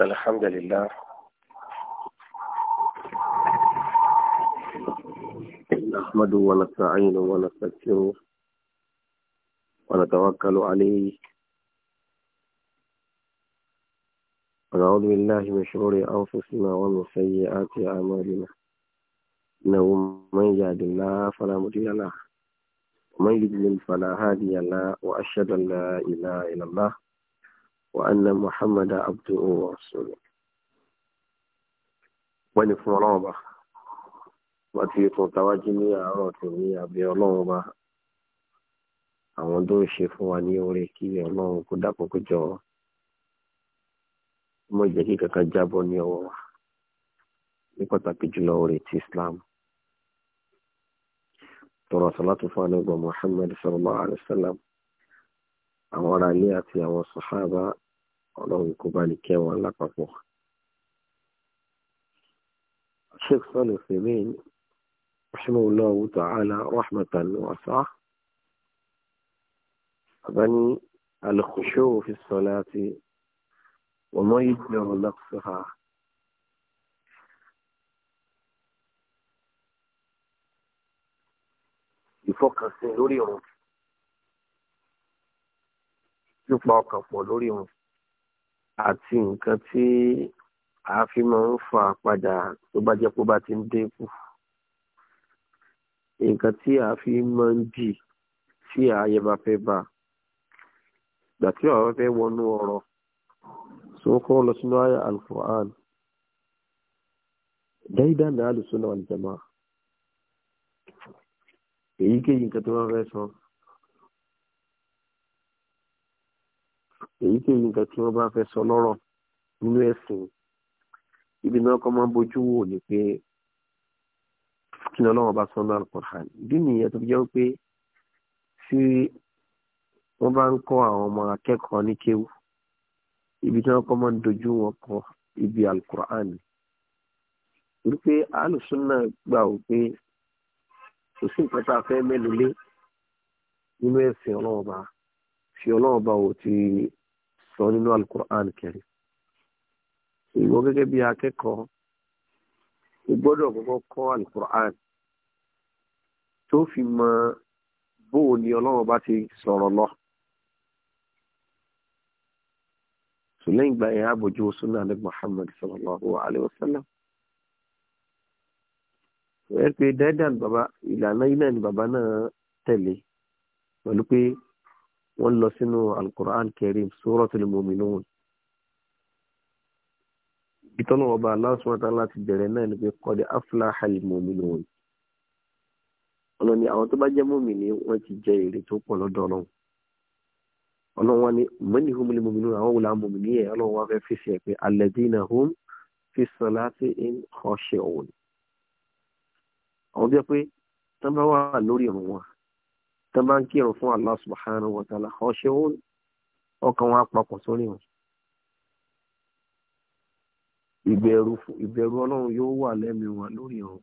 الحمد لله نحمده ونستعينه ونستغفره ونتوكل عليه ونعوذ بالله من شرور أنفسنا ومن سيئات أعمالنا إنه من يهد الله فلا مضل له ومن يضلل فلا هادي له وأشهد أن لا إله إلا الله وأن محمد عبده ورسوله wọ́n ní fún ọlọ́run ọba wọ́n ti tún tàwájú ní àárọ̀ tó ní abẹ́ ọlọ́run ọba àwọn tó ń ṣe fún wa ní orí kí ọlọ́run kó dápọ̀ kó jọ mọ́ ìjẹ́ kí kankan jábọ́ ní ọwọ́ wa ní pàtàkì jùlọ orí ti Islam tọrọ sọlátù fún anábọ̀ Muhammad sallallahu alaihi wasallam àwọn ará ilé àti àwọn sàhábà ọlọ́run kó bá ní kẹ́ wọn lápapọ̀. sheikh sani femin rahimahullahu ta'ala rahmatan wasa abani al-khushu fi salati wa ma yujlu naqsaha ìfọkànsìn lórí òun yóò pa ọkàn pọ̀ lórí òun àti nǹkan tí a fi máa ń fà padà tó bá jẹ́ pé ó bá ti ń dínkù nǹkan tí a fi máa ń bì tí ààyè bá fẹ́ bá gbà tí ọ̀rọ̀ fẹ́ wọnú ọ̀rọ̀ tó kọ́ lọ sínú àyà al dáídá náà lùsùn náà wal jamaa èyíkéyìí nǹkan tó wọ́n fẹ́ sọ. èyíkéyìí nǹkan tí wọ́n bá fẹ́ sọ lọ́rọ̀ nínú ẹ̀sìn ibi náà kọ́ máa ń bójú wò ní pé kí ni ọlọ́wọ́ bá sọ ní alukur'an ìdí nìyẹn tó fi jẹ́ pé tí wọ́n bá ń kọ́ àwọn ọmọ akẹ́kọ̀ọ́ ní kéwù ibi tí wọ́n kọ́ máa ń dojú wọn kọ ibi alukur'an wípé alùsùn náà gbà ó pé kò sí nǹkan tá a fẹ́ mẹ́nu nínú ẹ̀sìn ọlọ́wọ́ bá fi ọlọ́wọ́ bá wò ti sọ nínú alukur'an kẹrin ìwọ gẹ́gẹ́ bí akẹ́kọ̀ọ́ o gbọ́dọ̀ kọ́kọ́ kọ́ alukur'an tó fi mọ bóò ni ọlọ́run bá ti sọ̀rọ̀ lọ. sùlẹ́yìn gba ẹ̀yà àbójú sunna ní Muhammad sallallahu alayhi wa sallam. ẹ pé dáadáa ni bàbá ìlànà ilẹ̀ ni bàbá náà tẹ̀lé pẹ̀lú pé wọ́n lọ sínú alukur'an karim suratul mu'minun ìtọ́nà ọba Allah subhanahu wa ta'ala láti bẹ̀rẹ̀ náà ni pé qad aflahal mu'minun ọlọ́ni àwọn tó bá jẹ́ mùmínì wọ́n ti jẹ èrè tó pọ̀ lọ́dọ̀ ọlọ́run ọlọ́run wa ni manhumul mu'minun àwọn wò láwọn mùmínì yẹn ọlọ́run wa fẹ́ fèsì ẹ̀ pé alladhina hum fi salatin khashi'un àwọn bí wọ́n pé tán bá tó bá ń kírun fún Allah subhanahu wa ta'ala khashi'un ọkàn wọn apapọ̀ sórí wọn. ìbẹ̀rù ìbẹ̀rù ọlọ́run yóò wà lẹ́mìí wọn lórí wọn.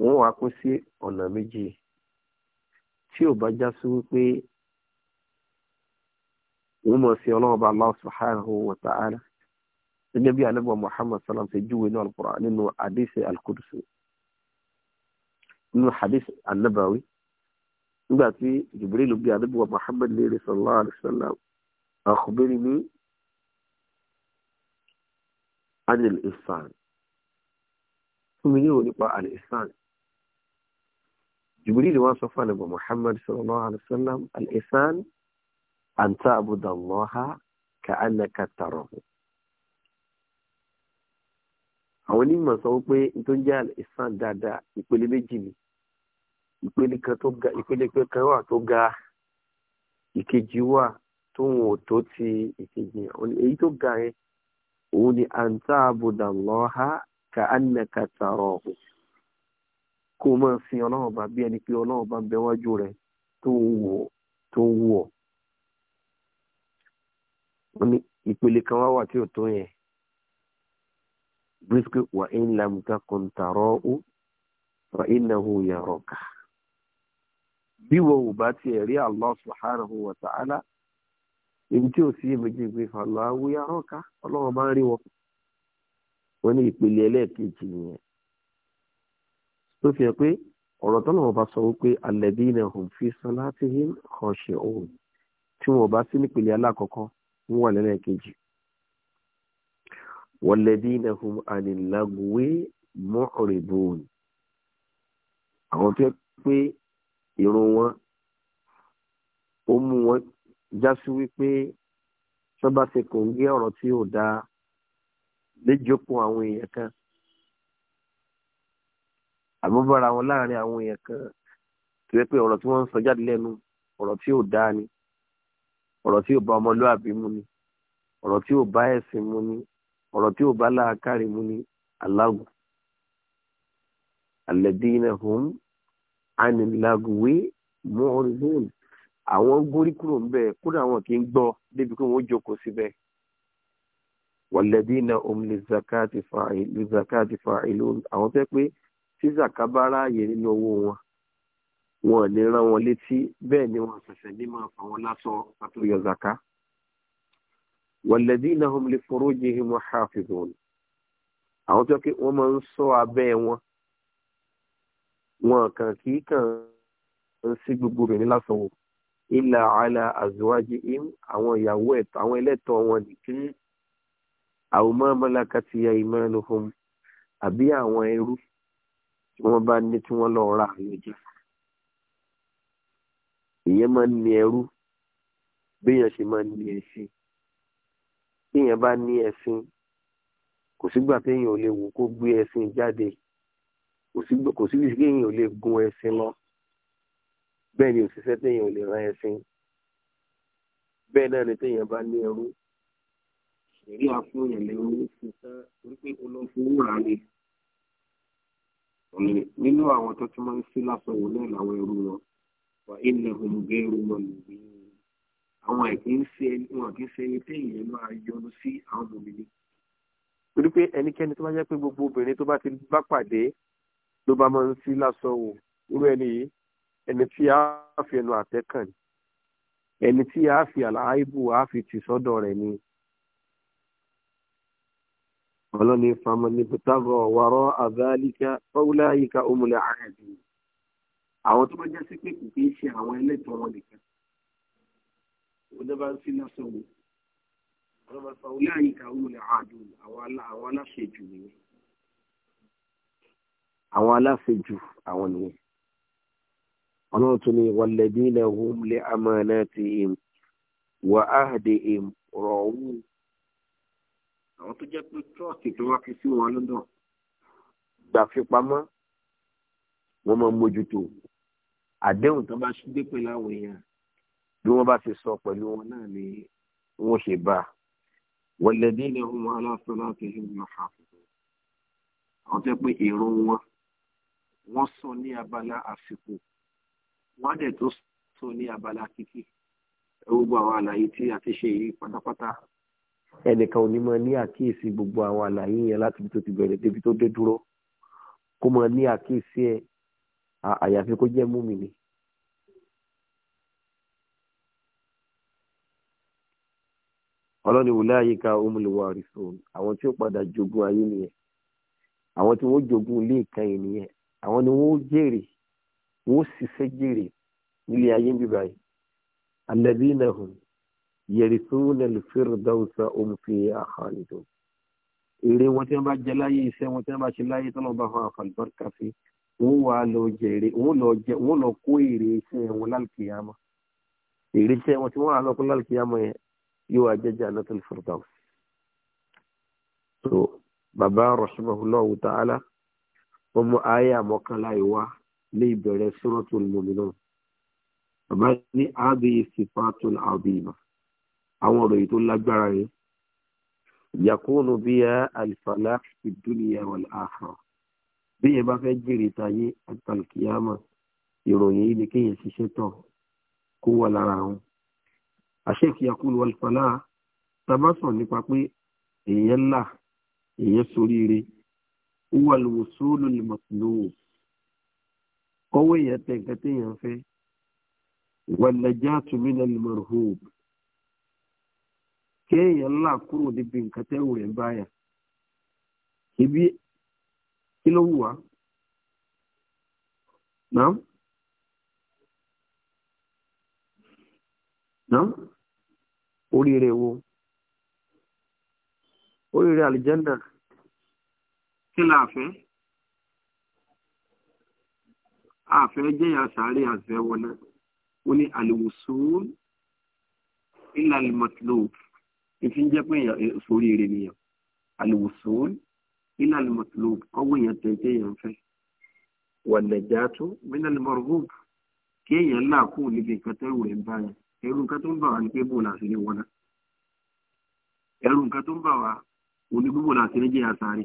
wọ́n wá kó sí ọ̀nà méjì tí ò bá já sí wípé wọ́n mọ̀ sí ọlọ́run bá Allah subhanahu wa ta'ala gẹ́gẹ́ bí anábọ̀ Muhammad salam ṣe júwe ní al nínú hadith al-Qudsi nínú hadith an nígbà tí Jibril bí àdúgbò Muhammad lérè sallallahu alaihi wasallam akhbirni anil ihsan fún mi ní ìwò nípa al ihsan Jibril wá sọ fún àlùbọ̀ Muhammad sallallahu alaihi wasallam al ihsan an ta'budu Allaha ka'annaka tarahu àwọn onímọ̀ sọ wípé tó jẹ́ al dáadáa ìpele méjì ni ìpele kan tó ga ìpele kan wà tó ga ìkejì wà tóun ò tó ti ìkejì èyí tó ga yẹn òun ni àǹtá àbùdà lọ́ha ka annaka tarahu kó o máa sin ọlọ́run bá bí ẹni pé ọlọ́run bá ń bẹ wájú rẹ tó ń wò tó ń wò wọ́n ní ìpele kan wá wà tí ò tó yẹn bísí wà ń lamta kùntàrọ́ ó wà ń nahu yaraka bí wo ò bá tiẹ̀ rí Allah subhanahu wa ta'ala èyí tí ò sí èméjì pé fàlọ́ awúyá ọ̀ká ọlọ́run máa ń rí wọn. wọ́n ní ìpele ẹlẹ́ẹ̀kejì yẹn tó fi hàn pé ọ̀rọ̀ tó lọ́wọ́ bá sọ wípé alladhina hum fi salatihim khashi'un tí wọn bá sí nípele alákọ̀ọ́kọ́ ń wà lẹ́lẹ́kejì. walladhina hum anil lagwi mu'ridun àwọn tó yẹ pé ìrun wọn ó mú wọn jásí wípé tó bá ṣe kò ń gé ọ̀rọ̀ tí ò dáa léjókòó àwọn èèyàn kan àbúbára wọn láàrin àwọn èèyàn kan tó yẹ pé ọ̀rọ̀ tí wọ́n ń sọ jáde lẹ́nu ọ̀rọ̀ tí ò dáa ni ọ̀rọ̀ tí ò bá ọmọlúàbí mu ni ọ̀rọ̀ tí ò bá ẹ̀sìn mu ni ọ̀rọ̀ tí ò bá láàkárì mu ni aláwù alladina hum anilagwe mọ́ọ́rìnbóòlù àwọn gúnrí kúrò ń bẹ kódà àwọn kì í gbọ́ débi pé wọ́n jókòó síbẹ̀ wàlẹ́dínà òun lè zakati fa ìlú àwọn tẹ́ pé tí zaka bá nínú owó wọn wọn ò ní rán wọn létí bẹ́ẹ̀ ni wọn ṣẹ̀ṣẹ̀ ní máa fà wọn lásọ àti yọ zaka wàlẹ́dínà òun lè forojì himu hafizun àwọn tẹ́ pé wọ́n máa ń ṣọ́ abẹ́ wọn wọn kàn kì í kàn sí gbogbo obìnrin lásán wò ilà àlà àzùwájú im àwọn ìyàwó ẹ̀tọ́ àwọn ẹlẹ́tọ́ wọn nìkan àwọn mọ́mọ́láka ti ya ìmọ̀ ẹnu fún mi àbí àwọn ẹrú tí wọ́n bá ní tí wọ́n lọ ra àyànjẹ ìyẹn máa ń ní ẹrú béèyàn ṣe máa ń ní ẹṣin téèyàn bá ní ẹṣin kò sígbà téèyàn ò lè wò kó gbé ẹṣin jáde kò sí bíi kéèyàn ò lè gun ẹṣin lọ bẹ́ẹ̀ ni òṣìṣẹ́ téèyàn ò lè rán ẹṣin bẹ́ẹ̀ náà ni téèyàn bá ní ẹrú ìrírí àfihàn lẹ́rú fi tán wípé olófowó rà ni nínú àwọn tó tún máa ń sí lásán náà làwọn ẹrú wọn wà ilẹ̀ òmùgẹ́ ẹrú wọn nìyí àwọn ẹ̀kí ń ṣe ẹni téèyàn máa yọnu sí àwọn obìnrin torí pé ẹnikẹ́ni tó bá jẹ́ pé gbogbo obìnrin tó bá ti bá pàdé ló bá máa ń sí lásán wò irú ẹni yìí ẹni tí a fi ẹnu àtẹ́ kàn ní ẹni tí a fi àlàáìbù a fi tì sọ́dọ̀ rẹ̀ ni ọlọ́ni famani bùtàgọ̀ wàrọ̀ àbálíkà ọ̀wúláyíká òmùlẹ̀ àhẹ́dì àwọn tó bá jẹ́ sí pé kò kí í ṣe àwọn ẹlẹ́tọ̀ọ́ wọn nìkan oníbà ń sí lásán wò àwọn aláṣẹ jù nìyẹn àwọn aláṣejù àwọn nìyẹn ọlọ́run tún ní walladhina hum li amanatihim wa ahdihim ra'un àwọn tó jẹ́ pé trọ́ọ̀tì tó wá fi sí wọn lọ́dọ̀ gbà fi pamọ́ wọ́n máa mójútó àdéhùn tó bá gbé pẹ̀lú àwọn èèyàn bí wọ́n bá ti sọ pẹ̀lú wọn náà ni wọ́n ṣe bá walladhina hum ala salatihim yuhafizun àwọn tó jẹ́ pé èrò wọn wọ́n sọ ní abala àfikún wọ́n á dẹ̀ tó sọ ní abala kíkí gbogbo àwọn àlàyé tí a ti ṣe yìí pátápátá. ẹnìkan ò ní máa ní àkíyèsí gbogbo àwọn àlàyé yẹn láti ibi tó ti bẹ̀rẹ̀ débi tó dé dúró kó máa ní àkíyèsí ẹ̀ àyàfi kó jẹ́ múmìnì. ọlọ́ni wùlẹ́ àyíká omuluwa rìsọ̀n àwọn tí ó padà jogún ayé nìyẹn àwọn tí wọ́n jogún ilé ìkànnì nìyẹn àwọn ni wọ́n jèrè wọ́n ṣiṣẹ́ jèrè nílé ayé ń bíbá yìí alladhina hum yarithuna al-firdawsa hum fiha khalidun èrè wọn tí wọ́n bá jẹ láyé iṣẹ́ wọn tí wọ́n bá ṣe láyé tọ́lọ́ bá fún àfàlùbọ́ríkà sí wọ́n wà lọ jèrè wọ́n lọ jẹ wọ́n lọ kó èrè iṣẹ́ wọn lálùkìyàmá èrè iṣẹ́ wọn tí wọ́n wà lọ kó lálùkìyàmá yẹn yóò wá jẹ́ jannatul firdaws. so bàbá rahimahullahu ta'ala wọ́n mú àyà mọ́kànlá ìwá ní ìbẹ̀rẹ̀ suratul mu'minun bàbá ní àbí sifatul azima àwọn ìròyìn tó lágbára yẹn yakunu biya al-falah fid dunya wal akhirah bí yẹn bá fẹ́ jèrè táyé àtàlùkìyàmà ìròyìn yìí ni kéèyàn ṣiṣẹ́ tọ̀ kó wà lára wọn àṣẹ́kì yakunu wal falah tá a bá sọ nípa pé èèyàn là èèyàn soríire huwa al-wusulu al-matlub kọ́wé yẹn tẹ̀ nǹkan téèyàn fẹ́ wal-najatu min al-marhub kéèyàn là kúrò níbi nǹkan tẹ́wọ̀ ẹ̀ báyà ibi kí ló wù wá náà náà oríire wo oríire àlìjẹ́ndà kí la fẹ́ àfẹ́ jẹ́yà sàárè àzẹ́wọ̀ náà ó ní àlùwòsùn ilà al-matlub ìfi ń jẹ́ pé sórí rẹ̀ nìyàn àlùwòsùn ilà al-matlub ọwọ́ èèyàn tẹ̀tẹ̀ èèyàn fẹ́ wal-najatu min al-marghub kí èèyàn là kú níbi nǹkan tẹ́rù rẹ̀ ń bá yẹn ẹrù nǹkan tó ń bà wá ní pé bò láti ní wọná ẹrù nǹkan tó ń bà wá òní bíbò láti ní jẹ́yà sàárè.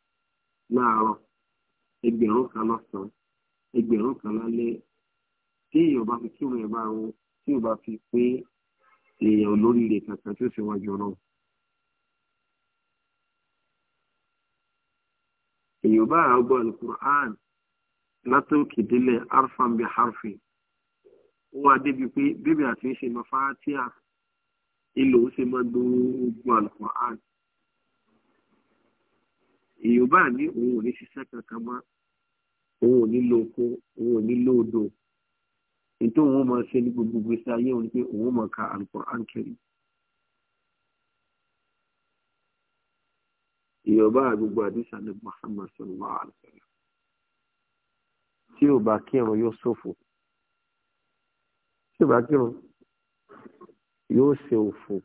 láàárọ̀ ẹgbẹ̀rún kan lọ́sàn-án ẹgbẹ̀rún kan lálẹ́ tí èèyàn bá fi kírun ẹ̀ bá wọn tí ò bá fi pé èèyàn lórí ilẹ̀ kankan tí ó sì wájú ọlọ́run. èèyàn bá àgbọ̀ alukur'an látòkè délẹ̀ arfan bi harfi wá débi pé bébè àti ń ṣe mọ fáátíà ilò ó ṣe mọ gbogbo alukur'an èèyàn bá ní òun ò ní ṣiṣẹ́ kankan mọ́ òun ò ní lo oko òun ò ní lo odò ètò òun máa ṣe ní gbogbo gbèsè ayé òun pé òun máa ka Al-Qur'an Karim. èèyàn bá gbogbo àdúrà ní Muhammad sallallahu alaihi wasallam tí ò bá kírun yóò ṣòfò tí ò bá kírun yóò ṣe òfò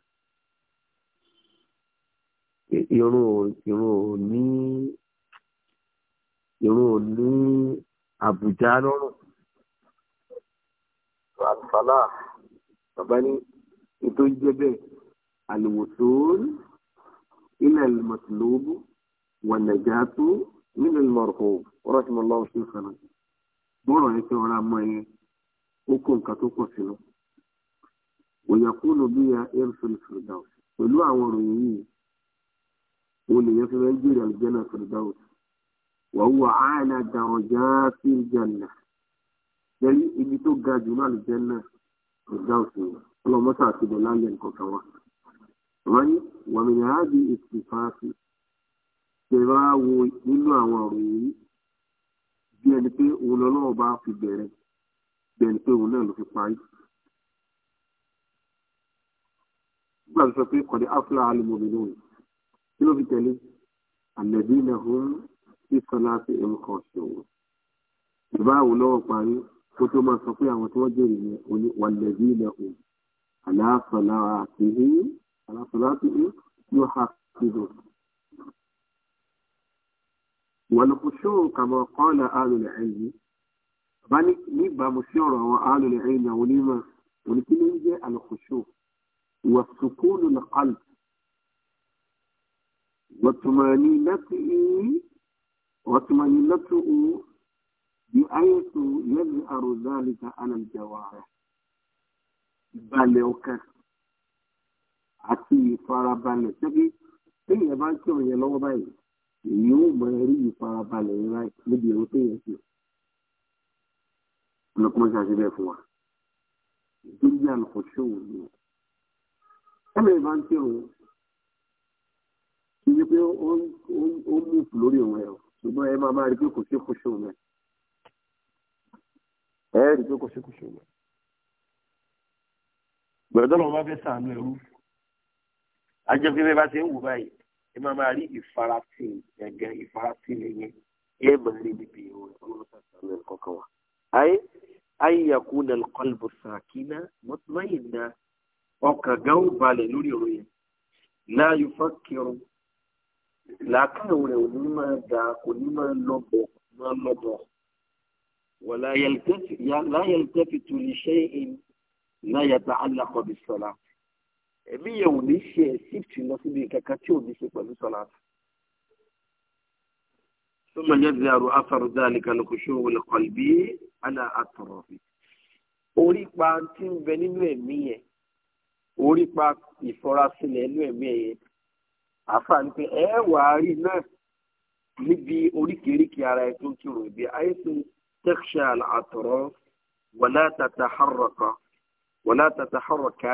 irun ò irun ò ní irun ò ní àbùjá lọ́rùn àlùfàlà bàbá ní ètò ìjẹ́bẹ̀ àlùwòsàn ilẹ̀ mọ̀tìlóbù wàlẹ̀jáàtú nínú ìmọ̀ràn ọ̀rọ̀ tí mo lọ́wọ́ sí ìfẹ́ràn bọ́ọ̀rọ̀ yẹn tí wọ́n rà yẹn ó kó nǹkan tó pọ̀ sínú òyàkúlò bíi ẹ̀ ń fi ìfìdá pẹ̀lú àwọn òròyìn yìí òun nìyẹn fi máa ń jèrè àlùjànnà firdaus wa huwa a'la darajatil janna lẹ́yìn ibi tó ga jù náà àlùjànnà firdaus yẹn ọlọ́mọ́sá àti bọ̀lá yẹn kọ̀ọ̀kan wa. wọ́n wà mí ní àádìí ìsìnfàásì ṣẹ̀rá wo nínú àwọn ọ̀rọ̀ yìí bí ẹni pé òun lọ́lọ́wọ́ bá fi bẹ̀rẹ̀ bí ẹni pé òun náà ló fi parí. nígbà tó sọ pé kọ̀dé áfúlà alùmọ̀mí lóhùn kí ló fi tẹ̀lé àlẹ́bínà hún sí sọlá sí ẹ̀mùkọ̀ ṣòwò ìbáwò lọ́wọ́ parí kó tó máa sọ pé àwọn tí wọ́n jèrè yẹn oní wàlẹ́bínà hún aláfọlá àti hí aláfọlá àti hí yóò ha kíló. wàlùkùṣù kàmọ́ kọ́ńdà àlùlẹ̀ ẹ̀yìn bá níbàámu sí ọ̀rọ̀ àwọn àlùlẹ̀ ẹ̀yìn àwọn onímọ̀ oníkíní ń jẹ́ àlùkùṣù wàsùkúlù lọ́kàlù وطمأنينته وطمأنينته بحيث يظهر ذلك على الجوارح balẹ̀ ọkàn àti ìfarabalẹ̀ ṣẹ́bí téèyàn bá ń kí ọ̀yẹ́ lọ́wọ́ báyìí èyí ó mọ ẹrí ìfarabalẹ̀ yẹn níbi ìrún téèyàn sí. ọlọ́kùnrin ṣàṣẹ bẹ́ẹ̀ fún wa ìdílé àlùkò ṣòwò ni ẹ̀mẹ̀ bá ń kí yí pé ó ń múùfù lórí òun ẹ̀ o ṣùgbọ́n ẹ máa máa rí pé kò sí kùsùn mẹ́ ẹ rí pé kò sí kùsùn mẹ́. gbọ̀dọ̀ lọ́wọ́ bá fẹ́ sàánú ẹrú ajẹ́ pé bá ṣe ń wù báyìí ẹ máa máa rí ìfarasìn gẹ́gẹ́ ìfarasìn ẹ̀yẹn ẹ máa rí níbi ìwọ̀n ọlọ́sàn sàánú ẹ̀ kọ̀ọ̀kan wa. ayé ayé yakuna alqalbu sakina mutmainna ọkàn gan balẹ̀ lórí ọ̀rọ̀ yẹn la yufakiru làákàyè rẹ̀ ò ní máa dà kò ní máa lọ́bọ̀ máa lọ́bọ̀ wala yaltafitu li shay'in la yata'allaqu bis-salat ẹ̀mí yẹn ò ní ṣe ẹ̀sìpìtì lọ síbi kankan tí ò ní ṣe pẹ̀lú sọ̀lá. ثم يظهر أثر ذلك الخشوع القلبي على أطرافه أولي بانتين tí ń أولي nínú ẹ̀mí yẹn orí àfààní pé ẹ wà á rí náà níbi oríkèéríkèé ara ẹ tó ń kírun ìbí àìsàn tẹ́kṣàl àtọ̀rọ̀ wàlá tataharraka wàlá tataharraka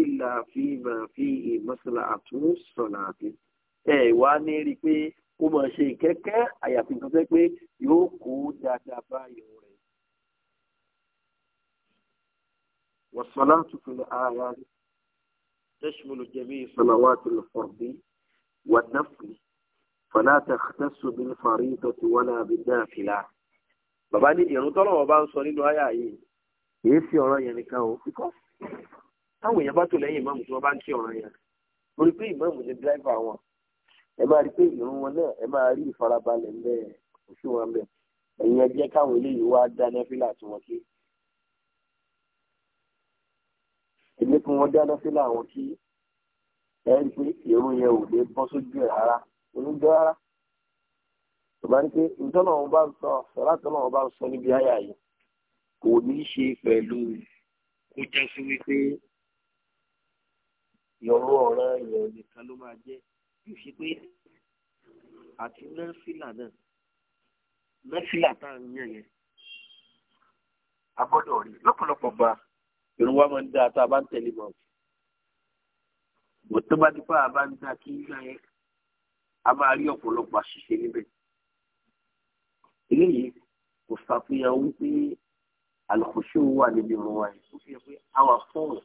ìlà fíìmà fíì mọ́sálà àtúnṣọ̀là àti ẹ wá ní rí i pé ó máa ṣe ìkẹ́kẹ́ àyàfi nǹkan fẹ́ pé yóò kó dáadáa báyìí rẹ̀. والصلاة في الآيات تشمل جميع صلوات الفرض والنفل فلا تختص بالفريضة ولا بالنافلة bàbá ní ìrún tọ́lọ́wọ́ bá ń sọ nínú àyà yìí kìí fi ọ̀rọ̀ yẹn nìkan o kíkọ́ táwọn èèyàn bá tó lẹ́yìn ìmáàmù tí wọ́n bá ń kí ọ̀rọ̀ yẹn orí pé ìmáàmù ni dírẹ́fà wọn ẹ máa rí pé ìrún wọn náà ẹ máa rí ìfarabalẹ̀ ńbẹ òṣù wọn bẹ ẹ̀yin ẹ jẹ́ káwọn eléyìí wá dá nẹ́fílà tí wọ́n kí ilé fún wọn dá nẹ́fílà wọn kí ẹ rí i pé èrò yẹn ò lè bọ́ sójú ẹ̀ rárá oníjọ́ rárá tó bá ní pé ìtọ́nà wọn bá ń sọ sọ̀rọ̀ àtọ́nà wọn bá ń sọ níbi àyà yìí kò ní í ṣe pẹ̀lú kó já sí wípé ìyọ̀rọ̀ ọ̀ràn ìyẹn nìkan ló máa jẹ́ yóò ṣe pé àti nọ́fìlà náà nọ́fìlà tá à ń yàn yẹn a gbọ́dọ̀ rí lọ́pọ̀lọpọ̀ gba ìrún wa máa ń dá tá a bá ń tẹ̀lé mọ́ bó tó bá di pa àbá ń dá kí gbà yẹn a máa rí ọ̀pọ̀lọpọ̀ àṣìṣe níbẹ̀. eléyìí kò ṣàfihàn wípé àlùkòṣe wà níbi ìrún wa yìí kò fi hàn pé àwa fọ́ọ̀rọ̀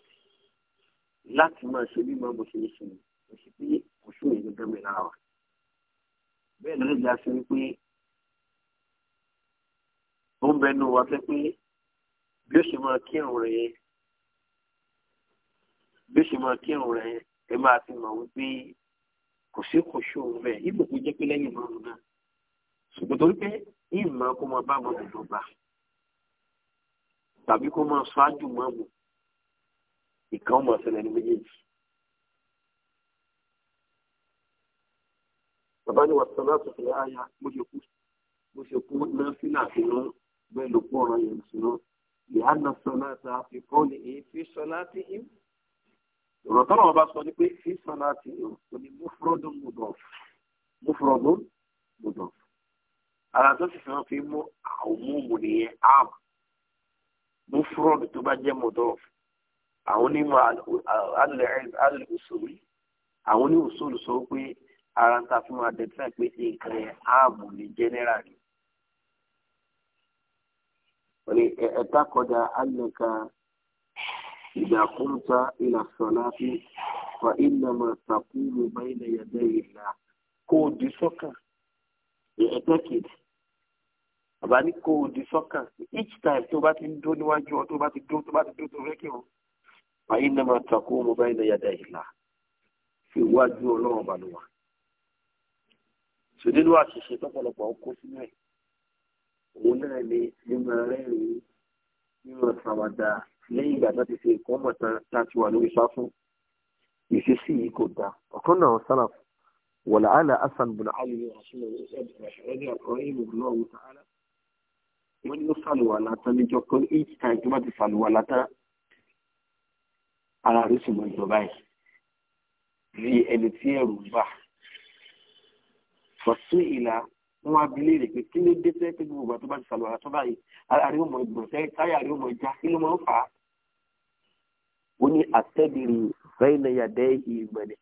láti máa ṣe bí máa bó ṣe ń ṣe kò sí pé kò sí òye mi lára wa. bẹ́ẹ̀ ló lè já sí wípé ó ń bẹnu wa fẹ́ pé bí ó ṣe máa kírun rẹ̀ yẹn bí ó ṣe máa kírun rẹ̀ yẹn ẹ máa fi mọ̀ wípé kò sí kò ṣòro bẹ́ẹ̀ ibò tó jẹ́ pé lẹ́yìn márùn náà ṣùgbọ́n torí pé ìmọ̀ kó máa bá mọ̀mọ́ dọ̀gba tàbí kó máa ṣáájú mọ̀mọ́ ìkan mọ̀ ṣẹlẹ̀ ní méjèèjì. bàbá ni wàá sọlá tó fi àyà bó ṣe kú bó ṣe kú náà sílà sínú bẹ́ẹ̀ ló kú ọ̀ràn yẹn sínú ìyá náà sọlá tó fi kọ́ ni èyí fi sọlá tí ìmọ̀. ọ̀rọ̀ tọ́lọ̀ ọba sọ ni pé fi sọ́nà àti ni mufrodun mudọ̀f mufrodun mudọ̀f ara tó sì fẹ́ràn fi mú àwòmúmù nìyẹn am mufrodun tó bá jẹ́ àwọn onímọ̀ alẹ́ àwọn sọ ara ta fún wa pé nǹkan yẹn ní ẹ̀ẹ́dá kọjá alẹ́ kan. إذا قمت إلى الصلاة فإنما تقول بين يدي الله kó o di sọ́kàn ẹ̀ẹ́dẹ́kìdì bàbá ní kó o di sọ́kàn each time tó bá ti ń dó níwájú ọ tó bá ti dó tó bá ti dó tó fẹ́ kí wọn. báyìí náà máa takò mo báyìí náà yàda ìlà fi wájú ọlọ́run bá lọ wá. sòdínú àṣìṣe tọ́pọ̀lọpọ̀ ọkọ sínú ẹ̀ òun náà ni mímọ rẹ́rìn-ín mímọ sàwádà lẹ́yìn ìgbà tó ti ṣe nǹkan mọ̀ tán láti wà lórí sáfù ìṣesí yìí kò dáa ọ̀kan náà sálà wọ̀là àlà hasan bùnà ali rasulillah ṣàṣẹ̀rẹ́dẹ̀ ọ̀rẹ́ ìmọ̀gbọ̀n ọ̀hún sàárà wọ́n ní ó sàlùwà látà níjọ́ kan each time tó bá ti sàlùwà látà ara rẹ̀ sì mọ̀ ìjọba yìí bí ẹni tí ẹ̀rù bà fọ̀sùn ìlà wọn abilé rẹ̀ pé kí ló dé tẹ́ pé gbogbo àtọ́ bá ti sàlùwà látà báyìí ara rẹ̀ ó mọ̀ ìgbọ̀nsẹ̀ táyà rẹ̀ ó mọ̀ ìjà kí ló máa ń fà á ó ní àtẹ́bìrì bẹ́ẹ̀nà yàdẹ́ ìmọ̀lẹ̀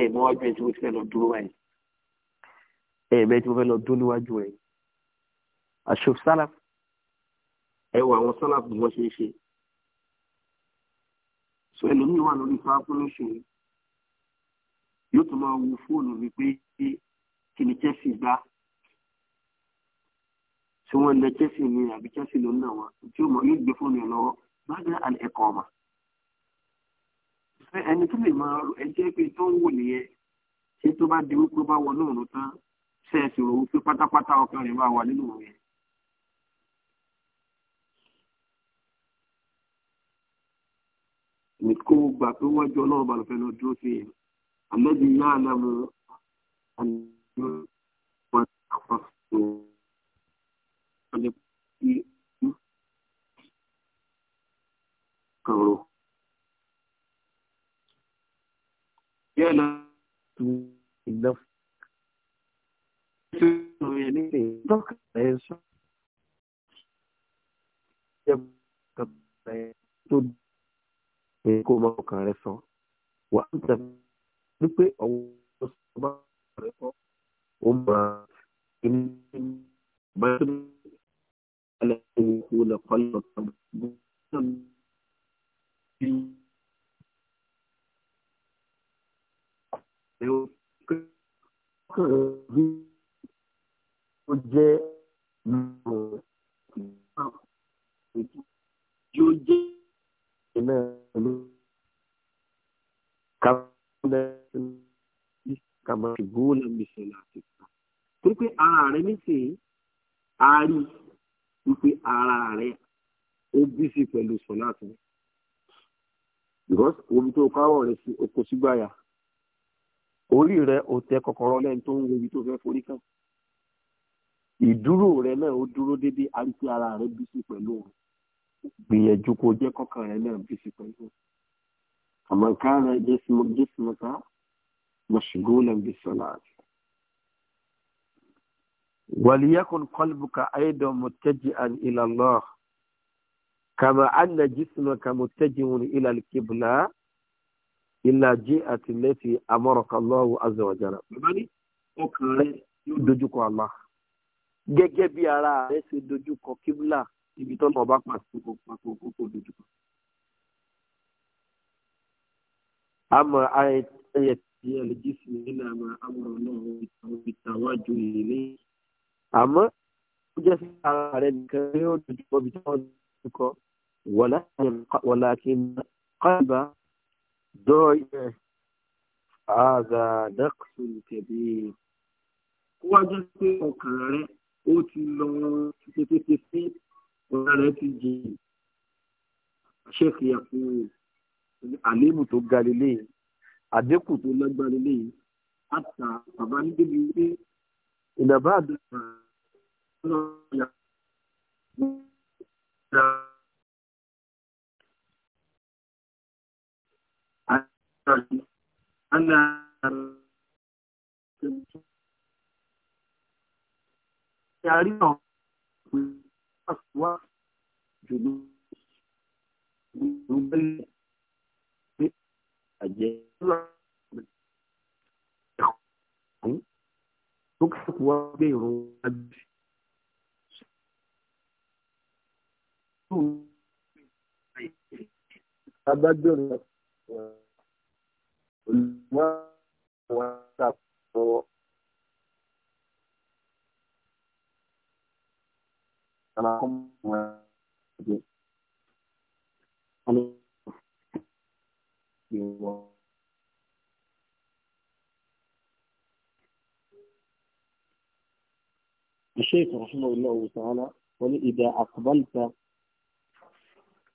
ẹ̀ mọ́ wájú ẹ̀ tí mo ti fẹ́ lọ dúró wáyé ẹ̀ eh, mẹ́ tí mo fẹ́ lọ dúró níwájú ẹ̀ àṣọ sálàf ẹ wọ àwọn sálàf bí wọ́n ṣe ń ṣe sọ ẹlòmíì wà lórí fáfún lóṣèlú yóò tún máa wo fóònù mi pé kí ni Chelsea gbá tí wọ́n lẹ Chelsea ni àbí Chelsea ló ń nà wọ́n tí yóò gbé fóònù yẹn lọ́wọ́ bàdà àlẹ́kọ̀ ọ̀mà. ẹni tó lè máa ẹjẹ́ pé tó ń wò nìyẹn ṣé tó bá di wípé bá wọ náà tán ṣe é sì rò wípé pátápátá ọkàn rẹ̀ máa wà nínú rẹ̀. kó gbà pé wọ́n jọ náà balùwẹ̀ lọ dúró sí i àlẹ́bí yá àlámù àlùfáà wọn àpapọ̀ ọ̀lẹ́pọ̀ kan ro bẹ́ẹ̀ náà tu ìgbà tí ó yẹ ní ìdọ́kà ẹ̀ sọ ẹ̀ kàtà ẹ̀ tó ẹ̀ kó o máa kàn rẹ̀ sọ wà á tẹ̀ wípé ọ̀wọ́ ọba rẹ̀ kọ́ ó máa ń bá ẹ̀ lẹ́yìn ìkú Eu vi o de o de kàmàgóòlà mìsàlàtì tó pé ara rẹ nísìnyí a rí i pé ara rẹ ó bí sí pẹ̀lú sọ̀láàtì rẹ because omi tó káwọ́ rẹ̀ sí oko sígbàyà orí rẹ̀ ò tẹ kọ́kọ́rọ́ lẹ́yìn tó ń wo ibi tó fẹ́ forí kàn ìdúró rẹ̀ náà ó dúró dédé àti ara rẹ̀ bí sí pẹ̀lú òun gbìyànjú kó jẹ́ kọ́kàn rẹ̀ náà bí sí pẹ̀lú òun àmọ́ ká rẹ̀ jésìmọ́ta mọ̀ṣúgọ́lẹ̀ bí sọ̀lá àti. wàlíyàkùn kọ́lbùkà ayédọ̀ mọ̀tẹ́jì àìlàlọ́ọ̀ kama anna jismaka muttajihun ila alqibla illa ji'ati allati amaraka Allahu azza wa jalla bàbá ọkàn rẹ yóò dojúkọ Allah gẹ́gẹ́ bí ara rẹ ṣe dojúkọ kíbla ibi tó lọ bá pàṣẹ kó pàṣẹ kó kó dojúkọ. àmọ́ ayẹyẹ tí ẹ lè jí nínú àmọ́ àmọràn náà wọn ìtàwájú ilé àmọ́ ó jẹ́ sí ara rẹ nìkan yóò dojúkọ ibi tó lọ dojúkọ. ولكن قلب ضائع هذا نقص كبير wájú pé ṣéèkì ẹ̀kún àléébù tó ga lélẹ̀ àdínkù tó lágbára lélẹ̀ àtà bàbá ní débi wípé ìdàbà àdàbà ọ̀nà ìyá أن تعريفهم أصوات جلوس تكفك وبيرو أبدل الشيخ رحمه الله تعالى قال إذا أقبلت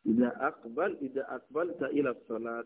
إذا أقبل إذا أقبلت إلى الصلاة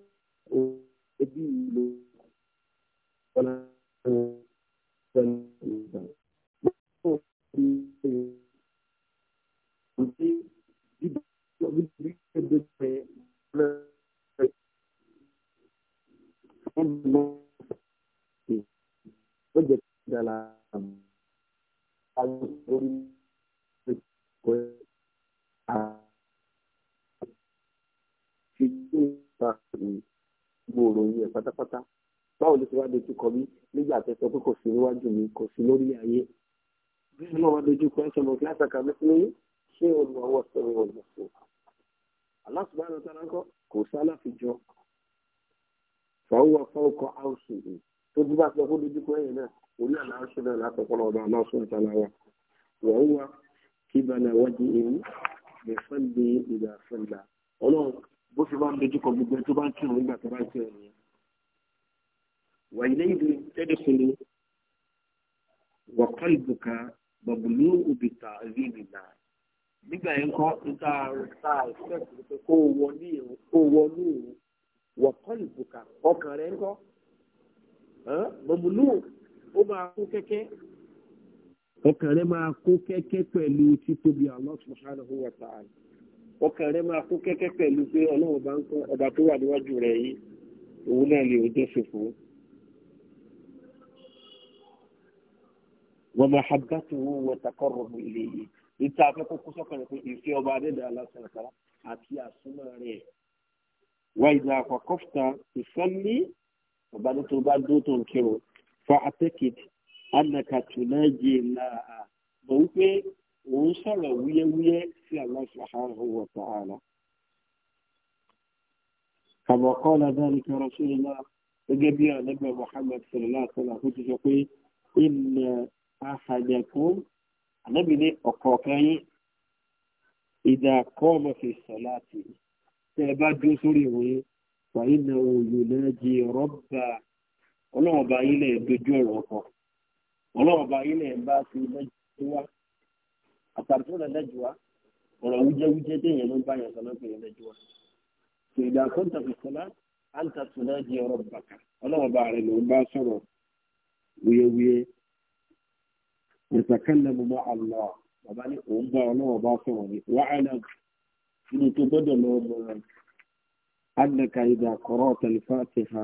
ìlú ọ̀la pẹ̀lú ìgbà. Lọ́pọ̀ ti ṣe kò sí ìdíjọ́ bí kéde pé lẹ́sẹ̀ wọ́n mọ̀ sí ó jẹ́ kí dàlá àwọn orí ìkọ́ àti ìgbà ìgbà gbòòrò yẹn pátápátá báwo ló ti wá dojú kọ mí nígbà tó sọ pé kò sí níwájú mi kò sí lórí ayé bí wọn wá dojú kọ ẹsẹ mọ kíláàsì àkàmì fún mi ṣé olùwàwọ sọ̀rọ̀ ọgbà fún aláṣùbánu tara kọ kò sálà fi jọ fàáwà fáwọkọ áùsù rẹ tó bí bá sọ pé dojú kọ ẹyẹ náà orí àná áùsù náà látọkọlọ ọdọ aláṣù ìtara wa wàá wà kíbalẹ wájú ìlú lè fẹ́ lé ìgbà fẹ́ la ọlọ́run bó ṣe máa ń dojúkọ gbogbo tó bá ń kírun nígbà tó bá ń kírun nìyẹn wà ilé ìlú tẹ́lẹ̀kùnú wọ̀kọ́ ìbùkà bàbùlú òbítà ríbìlà nígbà yẹn kọ́ níta ta ìfẹ́ kó wọlé kó wọlé wọ̀kọ́ ìbùkà ọkàn ó máa kú kẹ́kẹ́ ọkàn rẹ̀ máa kú kẹ́kẹ́ pẹ̀lú títóbi Allah subhanahu wa ta'ala ọkàn rẹ máa kún kẹ́kẹ́ pẹ̀lú pé ọlọ́run bá ń kọ́ ọba tó wà níwájú rẹ̀ yìí òun náà lè ojú ṣòfò. wọ́n máa ha bá tó wọ́n wọ́n takọ́rọ̀ mi lè yìí níta afẹ́kọ́ kó sọ́kàn rẹ̀ pé ìfẹ́ ọba adẹ́dà aláṣẹ àti àsúnmọ́ rẹ̀. wáyé náà àkọ́kọ́fta ìsọ́lé ọba tó bá dó tó ń kírun fa atẹ́kìtì anaka tunaji mọ̀ wípé òun sọ̀rọ̀ wúyẹ́wúyẹ́ sí Allah subhanahu wa ta'ala. kama qala dhalika rasulullah gẹ́gẹ́ bí ànábẹ́ Muhammad sallallahu alaihi wasallam ti sọ pé inna ahadakum ànábì ní ọ̀kọ̀ọ̀kan yín idha qama fi salati tẹ́ ẹ bá dúró sórí ìròyìn fa innahu yunaji dojú ọ̀rọ̀ ọkọ̀ ọlọ́wọ́ bá bá fi lẹ́jọ́ wá àtàtúntò rẹ̀ lẹ́jùwá ọ̀rọ̀ wújẹ́wújẹ́ téèyàn ló ń bá yẹn sọ lọ́pọ̀ yẹn lẹ́jùwá tó ìgbà kó tàbí sọlá àǹtà sọlá di ọ̀rọ̀ bàkà ọlọ́wọ́ bá rẹ̀ ló ń bá sọ̀rọ̀ wuyewuye ìtàkànnàmù mọ́ àlọ́ bàbá ní òun bá ọlọ́wọ́ bá sọ̀rọ̀ ní wàhálà inú tó gbọ́dọ̀ lọ́wọ́ mọ́ rẹ̀ أنك إذا قرأت الفاتحة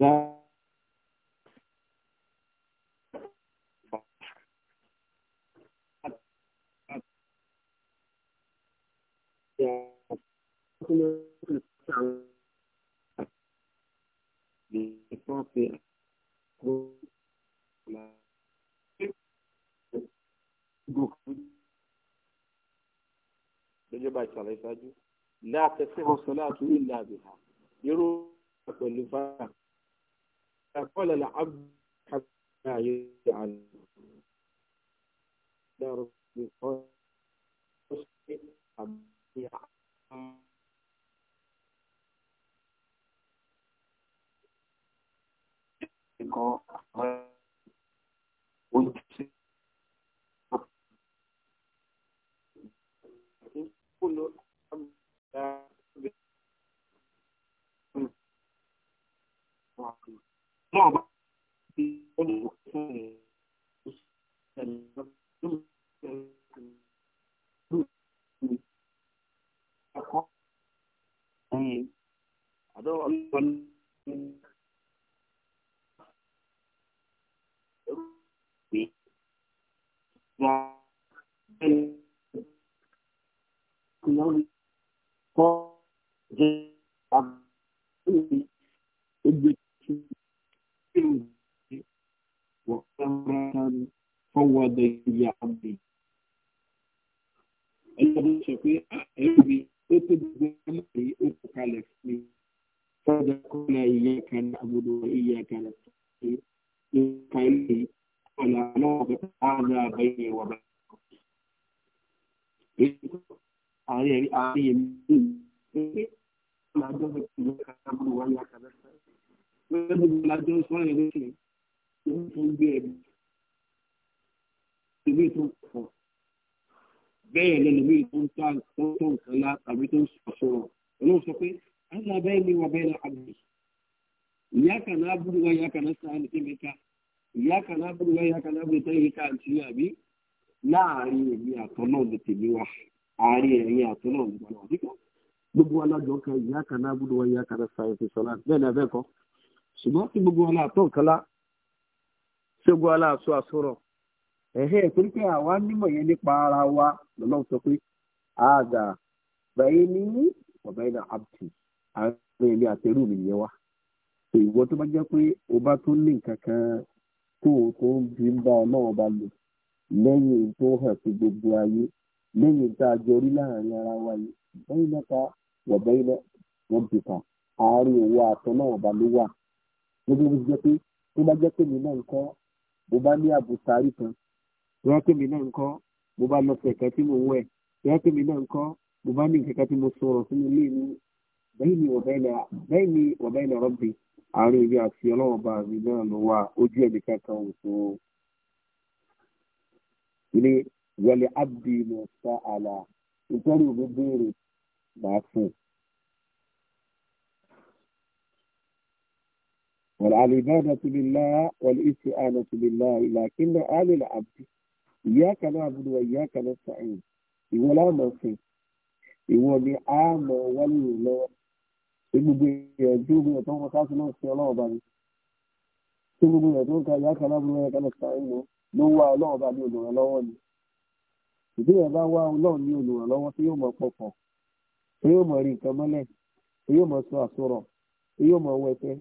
wọ́n. Gẹ́gẹ́ bá ìṣàlẹ̀ ìṣáájú, láti ṣíwọ́ sọ láti ìlà àbìhà, irú pẹ̀lú fáwọn قال لعبد حتى não pode وقرن فوض يا ربي الذي شفيع عندي اتد بأمري اتكالف لي فذكرنا إياك نعبد وإياك نستعين إلهي ولا نوبة هذا بيني وبينك ààrẹ ààrẹ mi pé lájọ́ fẹ́ kí wọ́n kára mú wa ní àkàrà sáré wọ́n bí lájọ́ sọ́rọ̀ ẹ̀rọ sí ìwé tó ń gbé ẹ̀bí ìwé tó pọ̀ bẹ́ẹ̀ lẹ́nu ìwé tó ń ta tó tó nǹkan lá tàbí tó ń sọ̀rọ̀ olóò sọ pé ẹ̀la bẹ́ẹ̀ ni wà bẹ́ẹ̀ àbí ìyá kan náà wa ìyá kan sáà ní kébi ká ìyá kan náà wa ìyá kan náà búrú tẹ́yìn ká àǹtí àbí láàárín èmi àtọ́ náà lè tèmi wá. àárín ẹ̀yìn àtúnà na ọ̀dígbà gbogbo alájọ kan ìyá kan náà gbúdọ̀ wá ìyá kan sọlá bẹ́ẹ̀ ni abẹ́kọ ṣùgbọ́n tí gbogbo wọn àtọ̀ kala ṣégun aláàṣọ àṣọrọ̀ ẹ̀hẹ́ torí pé àwa nímọ̀ yẹn nípa ara wa lọ́lọ́ sọ pé àdà bẹ́ẹ̀ ni ọ̀bẹ́ náà àbùtì àárín èmi àtẹrù mi ìwọ tó bá jẹ́ pé o bá tún ní nǹkan kan tó o tó ń bí ń bá ọ gbogbo ayé lẹ́yìn tá a jọ rí láàrin ara wa yìí bẹ́yìn mẹ́ta wọ̀ bẹ́yìn lẹ́ wọ́n bì kan àárín òwò àtọ́ náà ọba ló wà gbogbo bó ti jẹ́ pé tó bá jẹ́ pé mi náà ń kọ́ mo bá ní àbùtárì kan tó bá pé náà ń kọ́ mo bá lọ sẹ̀kẹ́ tí mo wẹ̀ tó bá pé náà ń kọ́ mo bá ní nǹkan tí mo sọ̀rọ̀ sínú ilé mi bẹ́yìn ni wọ̀ bẹ́yìn lẹ́ rọ́bì àárín ibi àti ọlọ́wọ́ mi náà ló wà ojú ẹ̀mí kankan ò ilé wẹlẹ abdi mọ sá àlà ìtọ́rù mi béèrè máa fún wàlẹ alìbáda tìbílá wàlẹ ìsì àlà tìbílá ìlàkínà àlè là abdi ìyá kaná abudu wa ìyá kaná sàìn ìwọ láàmà sìn ìwọ ni àmọ wálé lọ́wọ́ gbogbo ìyànjú mi ọ̀tọ́ wọn káàkiri náà sí ọlọ́run bá mi tí gbogbo ìyànjú ń ka ìyá kaná abudu wa ìyá kaná sàìn ló wà ọlọ́run bá mi òdòrán lọ́wọ́ ni. ìbéèrè bá wá ọlọ́run ní olùrànlọ́wọ́ tí yóò mọ pọ̀pọ̀ tí yóò mọ rí nǹkan mọ́lẹ̀ tí yóò mọ sọ àsọ̀rọ̀ tí yóò mọ wẹ̀fẹ́.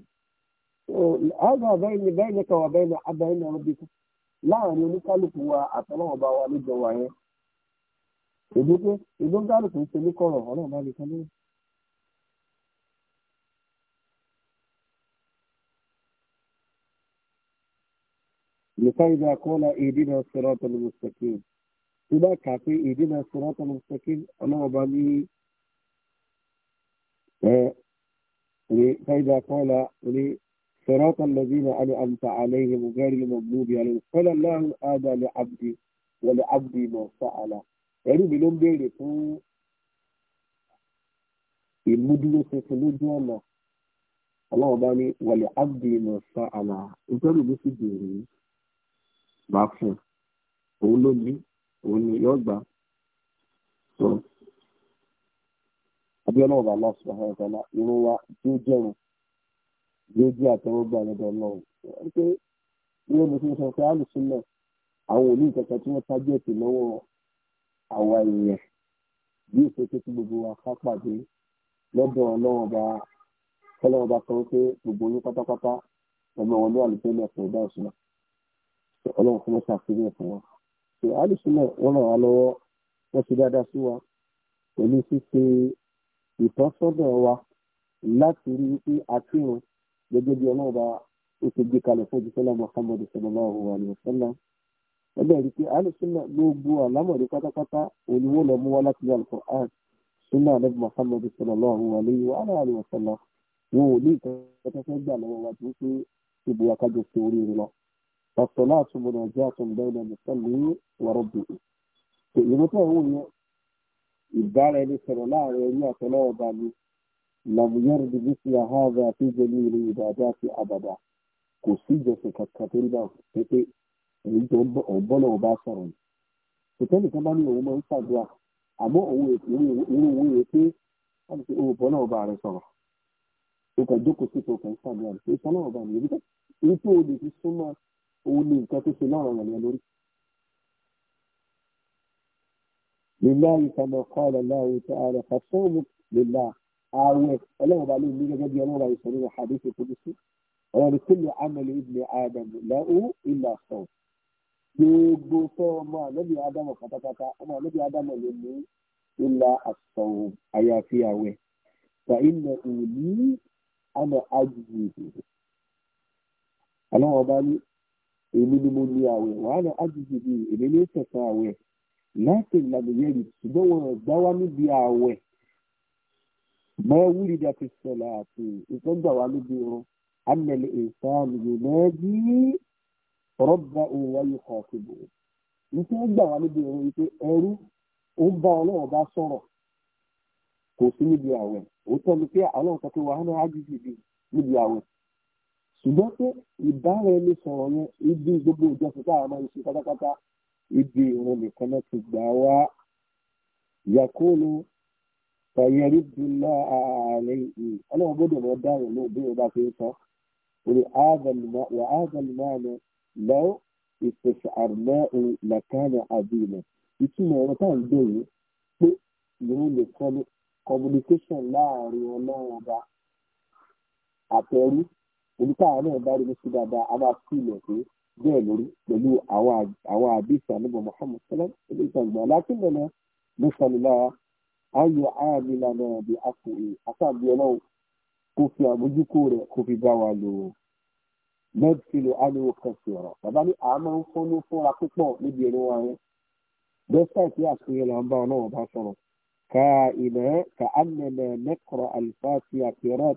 àgbà bẹ́ẹ̀ ni kàwá láàrin wa àtọ́lọ́wọ́ bá lójọ yẹn. pé ń ṣe ní kọ̀rọ̀ ọlọ́run bá nìkan lóyún. tó bá kà pé èdè náà sọ̀rọ̀ àtàwọn sẹ́kìn ọlọ́wọ́ bá ní ẹ ní fáìdà kọ́lá ní sọ̀rọ̀ àtàlọ́bí náà àni àmta àlẹ́yìn mọ̀gárì ní mọ̀gbóbi àlẹ́ kọ́lá láhùn àdá ní abdi wọlé abdi mọ̀ sàálà ẹ̀rí mi ló ń béèrè fún ìmúdúró tuntun lójú ọ̀nà ọlọ́wọ́ bá ní wọlé abdi mọ̀ sàálà ìjọ́rù mi sì béèrè máa fún òun ló ní òun ni yóò gbà so abiola ọba allah subhanahu wa ta'ala irun wa tí ó jẹun yóò jẹ àtẹ́wọ́gbà lọ́dọ̀ Ọlọ́run wọn pé ilé mi ti sọ pé àwọn òní ìkẹkẹ tí wọn tájú ètò lọ́wọ́ àwa èèyàn bí ìṣètò tí gbogbo wa ká pàdé ọba kan pé gbogbo yín pátápátá ọmọ wọn so alùsùnà wọn ràn wá lọ́wọ́ wọ́n ṣe dáadáa sí wa pẹ̀lú ṣíṣe ìtọ́sọ́dọ̀ wa láti rí wípé àtúnyàn gẹ́gẹ́ bí ọlọ́run bá ó ti gbé kalẹ̀ fún ìdíṣẹ́lá Muhammad sallallahu alayhi wa sallam ẹgbẹ́ rí pé alùsùnà gbogbo àlámọ̀dé pátápátá olùwó lọ mú wa láti yà lọ́kọ̀ àn sunna alẹ́ Muhammad sallallahu alayhi wa alayhi wa فالصلاة مناجاة بين المصلي وربه ìrúkọ òun yẹn ìbára ẹni sọ̀rọ̀ láàrin ẹni àtọ́lọ́ ọba mi làmúyẹ́rù ní bí ti àhábà àti ìjẹni ìlú ìdàdá àti àbàdà kò sí ìjọsìn kankan tó ń bá pépé èyí tó ọ̀bọ́nà ọba sọ̀rọ̀ ni. ìtẹ́lẹ̀ kan bá ní òun máa ń ṣàdúrà àmọ́ òun ìrú òun yẹ pé wọ́n ti òun bọ́nà ọba rẹ̀ sọ̀rọ̀. ó kàn jókòó sí ìtọ́kàn ṣàdúrà ní ìtọ́lọ́ ọba mi òun ni nǹkan tó ṣe lọ́rọ̀ rẹ̀ lórí. lillahi kama qala Allah ta'ala fasawmu lillah ààwẹ̀ ọlọ́run bá lóun ní gẹ́gẹ́ bí ọlọ́run àìsàn nínú hadith kudusi ọlọ́run kullu amali ibni adam lahu illa sawm gbogbo fẹ́ ọmọ ànábì ádámù pátápátá ọmọ ànábì ádámù ló ní ìlà àsọ̀wò àyàfi àwẹ̀ fa inna òní àmọ́ àjùjì ìdìbò. bá ní èmi ni mo ní àwẹ̀ wàhálà ájújù mi èmi ní sẹ̀sán àwẹ̀ láti ìlànà yẹn rí ṣùgbọ́n wọn gbá wá níbi àwẹ̀ máa wúri dà fi sọ̀lá àti ìtọ́jú àwa níbi irun ìsáàlù yìí rọ́bà kan ti bò ó. nítorí gbà wá níbi irun yìí ẹrú ó ń bá ọrụ bá sọ̀rọ̀ kò sí níbi òótọ́ ni pé àwọn ọ̀sán níbi ṣùgbọ́n pé ìbára ẹni sọ̀rọ̀ yẹn ibi gbogbo ìjọsìn tá a máa ń ṣe pátápátá ibi ìrìn nìkan náà ti gbà wá yakunu fàyẹrí dùnà ààrẹ yìí ọlọ́run gbọ́dọ̀ lọ dáhùn ní òbí ọba fi ń sọ orí wà áàgàlùmáàmù lọ́wọ́ ìpèsè àrùnáàrùn làkàna àbílẹ̀ ìtumọ̀ ọ̀rọ̀ tá à pé ìrìn nìkan ni communication láàrin ọlọ́run ọba àtẹrú èmi táwọn náà bá rí ní sí dáadáa a máa fi ilẹ̀ pé bẹ́ẹ̀ lórí pẹ̀lú àwọn àbísí àníbọ̀ Muhammad sẹ́lẹ̀ ilé ìtàgbà alákìndọ̀nà mẹ́sàlélá ayọ̀ ayàmílà náà bí akùnrin àtàbí ọlọ́run kò fi àmójúkó rẹ̀ kò fi bá wa lò ó mẹ́tìlú aliwo kẹsì ọ̀rọ̀ bàbá ní àmọ́ ń fọ́nú fúnra púpọ̀ níbi ẹ̀rọ wa yẹn dẹ́sítàìtì ka ilẹ̀ ka anẹ̀mẹ̀ mẹ́kọ̀rọ̀ àlùfáà ti àpẹẹrẹ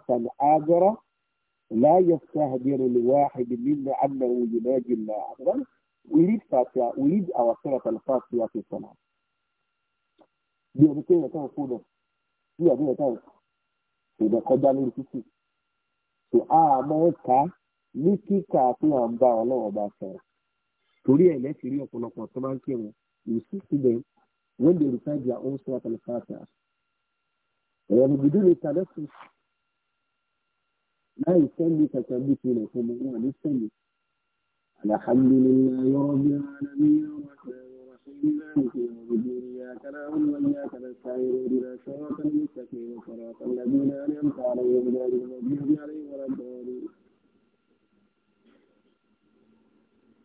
لا يستهدر الواحد منا أنه يناجي الله We read Fatiha, we read our Surah Al-Fatiha to Salah. Bí ẹni pé ẹ̀ka òfò náà, bí ẹni ẹ̀ka òfò kọjá lórí títì. Sọ àmọ́ ẹ̀ka ní kíkà tó à ń bá ọlọ́run bá sọ̀rọ̀. Torí ẹ̀ lẹ́sìn rí ọ̀pọ̀lọpọ̀ tó máa ń kírun. You see to them when they recite their own Surah Al-Fatiha. Ẹ̀yọ́ ni gbìdúrà ìtàlẹ́sìn لا يسمي تثبت لكم هو للسبت الحمد لله رب العالمين الرحمن الرحيم مالك يوم الدين اياك نعبد واياك نستعين اهدنا الصراط المستقيم صراط الذين انعمت عليهم غير المغضوب عليهم ولا الضالين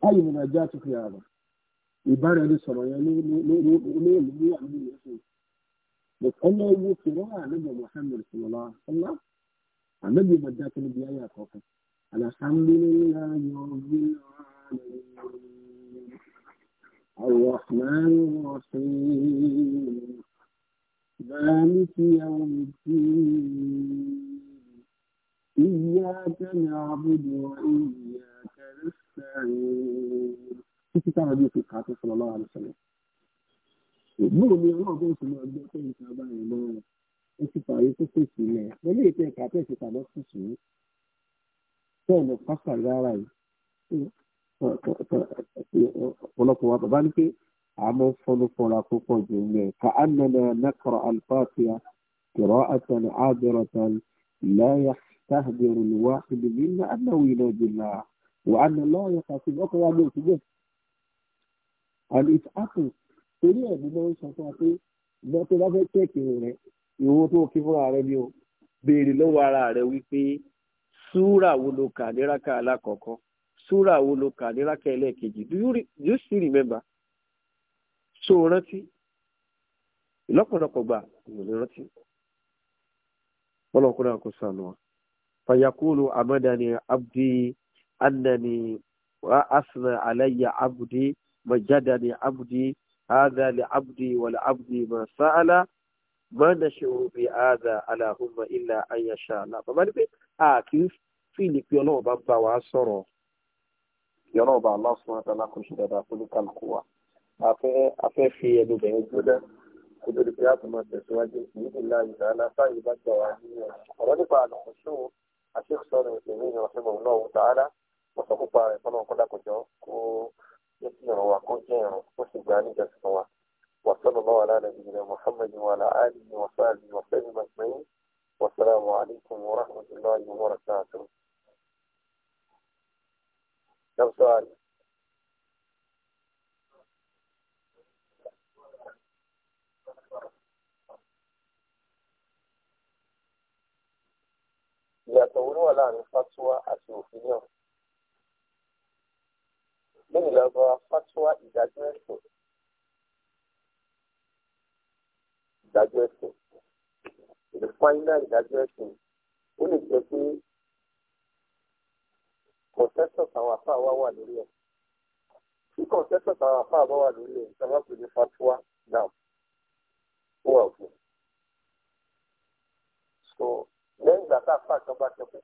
اي مناجاة في هذا ibara ni sọ̀rọ̀ yẹn ní ilé ìlú ní àmì ìyẹn fún un. Bùkún ló wú kìrọ́ àlejò Mùhàmmad sallallahu alaihi wasallam. ànábì ọmọ dákẹ́ níbi ayé àkọ́kọ́ alhamdulillah rabbil alamin الرحمن الرحيم مالك يوم الدين إياك نعبد وإياك نستعين títí táwọn bí òfin kàá tó sọ̀rọ̀ lọ́wọ́ àlùsọ̀rọ̀. ìgbóhùn ni ọlọ́run tó ń sọ̀rọ̀ ọgbẹ́ tó ń ta ó sì parí tó pèsè ilẹ̀ wọ́n lè tẹ ẹ̀ka tẹ̀sí pamọ́ sí sùúrù bẹ́ẹ̀ ni pápá rárá yìí ọ̀pọ̀lọpọ̀ wa bàbá ní pé àmọ́ fọnú fọra púpọ̀ jù ní ẹ̀ka annana nakra alfatiha qira'atan abiratan la yastahdiru alwahid minna annahu yunadi Allah wa anna Allah yaqsim ọkọ̀ wa ló ti bẹ́ẹ̀ and torí ẹ̀ bí wọ́n sọ fún wa pé lọ́tọ́ bá fẹ́ tẹ̀kì rẹ̀ ìwọ tó kí fúnra rẹ ni o béèrè lọ́wọ́ ara rẹ wípé súrà wo lo kà ní rákà alákọ̀ọ́kọ́ súrà wo lo kà ní rákà ẹlẹ́ẹ̀kejì do you still remember so rántí ìlọ́pọ̀lọpọ̀ gbà ìwọ ni rántí ọlọ́kùnrin àkóso àná wa fàyàkúlù amadani abdi annani wa asna alayya abdi majadani abdi hadha li abdi wal abdi ma sa'ala máa nà ṣe òun bí àádà aláhùnmá ilà ayàṣà àlà bàbá ní pé a kì í fìlì pé ọlọ́run bá bá wa sọ̀rọ̀ yọ̀rọ̀ bá aláṣọ àtàlà kò ṣe dáadáa fún kálukú wa afẹ́ fi ẹnu bẹ̀rẹ̀ gbọ́dọ̀ kó tó di pé a tún máa tẹ̀síwájú ìdílé ìdáná sáyé bá gbà wá ní ọ̀rọ̀ nípa àlùkò ṣòwò ìṣèlú ìrànṣẹ́gbọ̀n náà wò tààrà wọ́n sọ púpà rẹ̀ fọ́nà ọ̀kọ́dàkọ̀jọ́ kó jẹ́ kí ìrànwá kó jẹ́ ìrànwó sì gbà níjọ́sìn wa. وصلى الله على نبينا محمد وعلى آله وصحبه وسلم أجمعين والسلام عليكم ورحمة الله وبركاته كم سؤال يتولوا الآن فتوى أسوفيون من لغة فتوى إذا جنسوا ìdájọ́ ẹ̀sìn èdè fáínà ìdájọ́ ẹ̀sìn ó lè jẹ́ pé consensus àwọn àfáà wá wà lórí ẹ̀ tí consensus àwọn àfáà bá wà lórí ẹ̀ ìjọba kò ní fatuwa náà ó wà òkè so lẹ́yìn ìgbà tá a fà kan bá sọ pé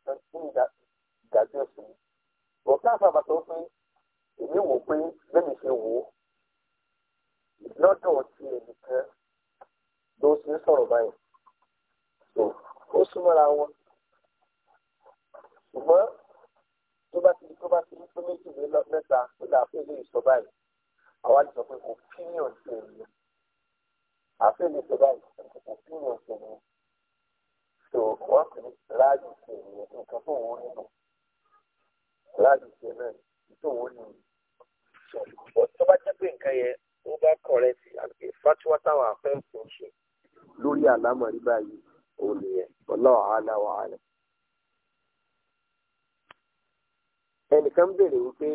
ní ìṣe báyìí nǹkan tí mo ṣe ni so wọ́n sì ní láàyè ṣe ìyẹn nǹkan tó wọ́n nínú láàyè ṣe náà tó wọ́n nínú. tó bá jẹ́ pé nǹkan yẹn ó bá kọ̀rẹ́tì àti fatuwa táwọn afẹ́ǹsì ń ṣe ẹnìkan béèrè wípé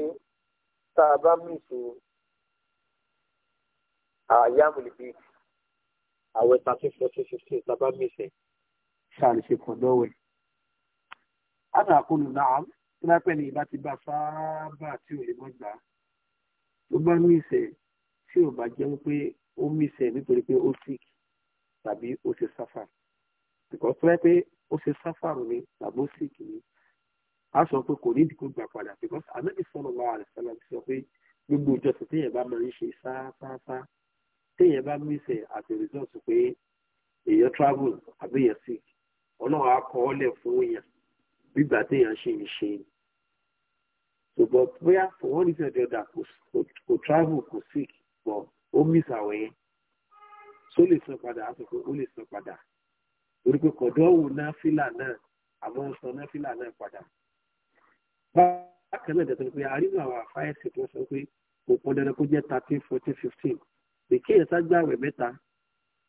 tá a bá mí ṣe àwẹ̀ thirteen fourteen fifteen tàbá mèsè ṣáà lè ṣe pọ̀ lọ́wẹ̀. àná àkọlù náà tí wọ́n pẹ́ ní ìbá ti bá sáábà tí ò lè mọ́ gbà á tó bá mèsè tí ò bá jẹ́ wípé ó mèsè nítorí pé ó sick tàbí ó ṣe sáfà ìkọ́ tó wẹ́ pé ó ṣe sáfà ni tàbí ó sick ni a sọ pé kò ní ìdíkò gbà padà because Ànábì sallallahu alaihi wasallam sọ pé gbogbo ìjọsìn tí yẹn bá máa ń ṣe sáfáfá téèyàn bá mísẹ̀ àti rìsọ́ọ̀sì pé èèyàn travel àbí èèyàn sick ọlọ́run á ọ́lẹ̀ fún èèyàn gbígbà téèyàn ṣe ń ṣe ni. ṣùgbọ́n bóyá for one reason or the other kò travel kò sick but ó miss àwẹ̀ yẹn só lè san padà á sọ pé ó lè san padà torí pé kọ̀dọ́wò náfìlà náà àmọ́ ń san náfìlà náà padà. bákan náà dẹ̀ tó ń pè é àríwá àwọn àfáyẹ̀sì tó sọ pé kò pọn dandan kó jẹ́ thirteen fourteen fifteen pé kéèyàn ságbàwẹ̀ mẹ́ta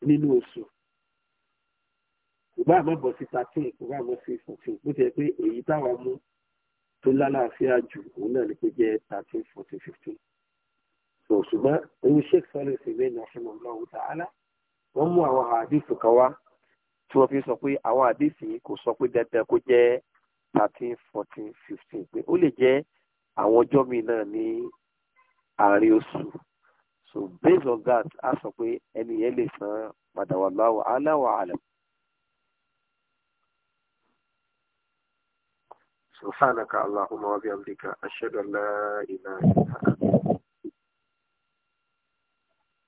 nínú oṣù kò bá àmọ́ bọ̀ sí thirteen kò bá àmọ́ sí fourteen bó ti yẹ pé èyí táwa mú tó lálàáfíà jù òun náà ni pé jẹ́ thirteen fourteen fifteen so ṣùgbọ́n ewu sheikh sọlẹ̀ sílẹ̀ ní ọ̀ṣun ọlọ́run tààlà wọ́n mú àwọn àdìsù kan wá tí wọ́n fi sọ pé àwọn àdìsù yìí kò sọ pé dandan kó jẹ́ thirteen fourteen fifteen pé ó lè jẹ́ àwọn ọjọ́ mi náà ní àárín oṣù so based on that a sọ pé ẹni yẹn lè san padà wà láwọ aláwọ àlẹ. سبحانك اللهم وبحمدك أشهد أن لا إله إلا أنت